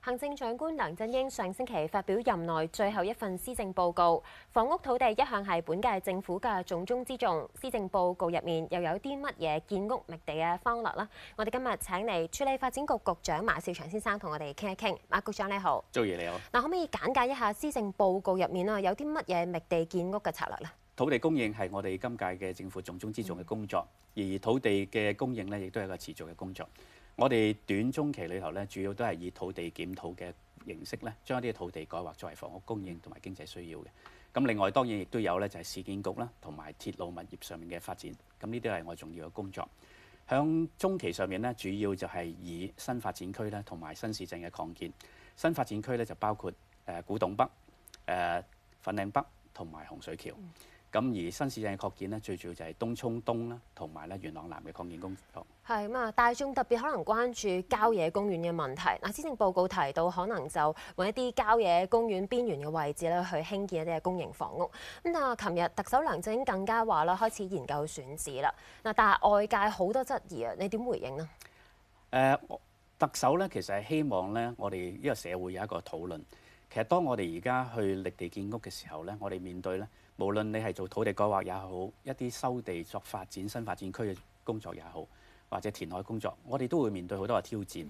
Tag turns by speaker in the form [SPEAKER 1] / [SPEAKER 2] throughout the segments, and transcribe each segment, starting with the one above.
[SPEAKER 1] 行政長官梁振英上星期發表任內最後一份施政報告，房屋土地一向係本屆政府嘅重中之重。施政報告入面又有啲乜嘢建屋覓地嘅方略呢？我哋今日請嚟署理發展局局長馬紹祥先生同我哋傾一傾。馬局長你好，早嘅你好。嗱，可唔可以簡介一下施政報告入面啊？有啲乜嘢覓地建屋嘅策略呢？
[SPEAKER 2] 土地供應係我哋今屆嘅政府重中之重嘅工作，而土地嘅供應呢亦都係一個持續嘅工作。我哋短中期裏頭呢，主要都係以土地檢討嘅形式呢，將一啲土地改劃作為房屋供應同埋經濟需要嘅。咁另外當然亦都有呢，就係市建局啦，同埋鐵路物業上面嘅發展。咁呢啲係我重要嘅工作。響中期上面呢，主要就係以新發展區啦同埋新市鎮嘅擴建。新發展區呢，就包括誒古洞北、誒粉嶺北同埋洪水橋。咁而新市鎮嘅擴建咧，最主要就係東涌東啦，同埋咧元朗南嘅擴建工程。
[SPEAKER 1] 係啊，大眾特別可能關注郊野公園嘅問題。嗱，施政報告提到可能就揾一啲郊野公園邊緣嘅位置咧，去興建一啲嘅公營房屋。咁啊，琴日特首梁振英更加話啦，開始研究選址啦。嗱，但係外界好多質疑啊，你點回應呢？
[SPEAKER 2] 誒、呃，特首咧其實係希望咧，我哋呢個社會有一個討論。其實當我哋而家去覓地建屋嘅時候咧，我哋面對咧，無論你係做土地規劃也好，一啲收地作發展新發展區嘅工作也好，或者填海工作，我哋都會面對好多嘅挑戰。咁、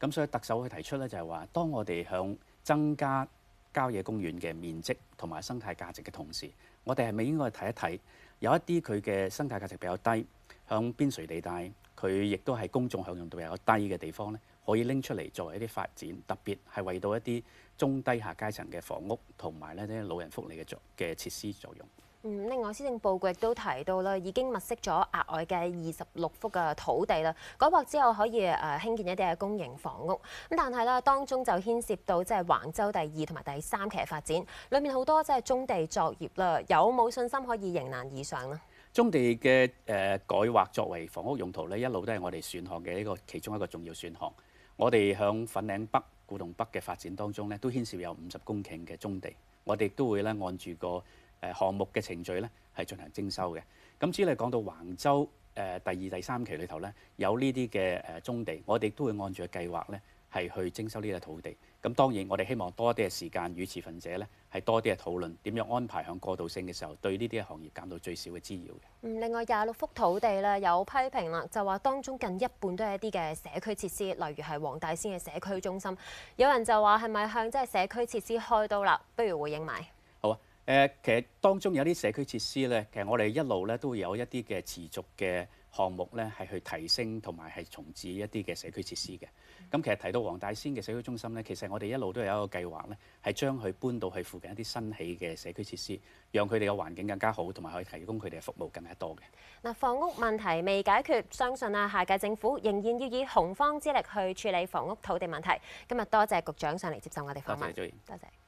[SPEAKER 2] 嗯、所以特首佢提出咧就係話，當我哋向增加郊野公園嘅面積同埋生態價值嘅同時，我哋係咪應該去睇一睇，有一啲佢嘅生態價值比較低，向邊陲地帶，佢亦都係公眾享用度比較低嘅地方咧？可以拎出嚟作為一啲發展，特別係為到一啲中低下階層嘅房屋，同埋咧啲老人福利嘅作嘅設施作用。
[SPEAKER 1] 嗯，另外施政報告亦都提到啦，已經物色咗額外嘅二十六幅嘅土地啦，改劃之後可以誒、啊、興建一啲嘅公營房屋。咁但係啦，當中就牽涉到即係橫洲第二同埋第三期嘅發展，裏面好多即係棕地作業啦，有冇信心可以迎難而上咧？
[SPEAKER 2] 棕地嘅誒、呃、改劃作為房屋用途咧，一路都係我哋選項嘅一個其中一個重要選項。我哋在粉嶺北、古洞北嘅發展當中呢都牽涉有五十公頃嘅棕地，我哋都會按住個、呃、項目嘅程序咧，係進行徵收嘅。咁至於講到橫洲、呃、第二、第三期裏頭呢有呢啲嘅棕地，我哋都會按住個計劃係去徵收呢個土地。咁當然，我哋希望多啲嘅時間，與持份者咧係多啲嘅討論，點樣安排響過渡性嘅時候，對呢啲行業減到最少嘅滋擾
[SPEAKER 1] 嘅。嗯，另外廿六幅土地咧有批評啦，就話當中近一半都係一啲嘅社區設施，例如係黃大仙嘅社區中心，有人就話係咪向即係社區設施開刀啦？不如回應埋
[SPEAKER 2] 好啊。誒、呃，其實當中有啲社區設施咧，其實我哋一路咧都會有一啲嘅持續嘅。項目咧係去提升同埋係重置一啲嘅社區設施嘅。咁其實提到黃大仙嘅社區中心咧，其實我哋一路都有一個計劃咧，係將佢搬到去附近一啲新起嘅社區設施，讓佢哋嘅環境更加好，同埋可以提供佢哋嘅服務更加多嘅。
[SPEAKER 1] 嗱，房屋問題未解決，相信啊，下屆政府仍然要以洪荒之力去處理房屋土地問題。今日多謝局長上嚟接受我哋訪問。多謝，多謝。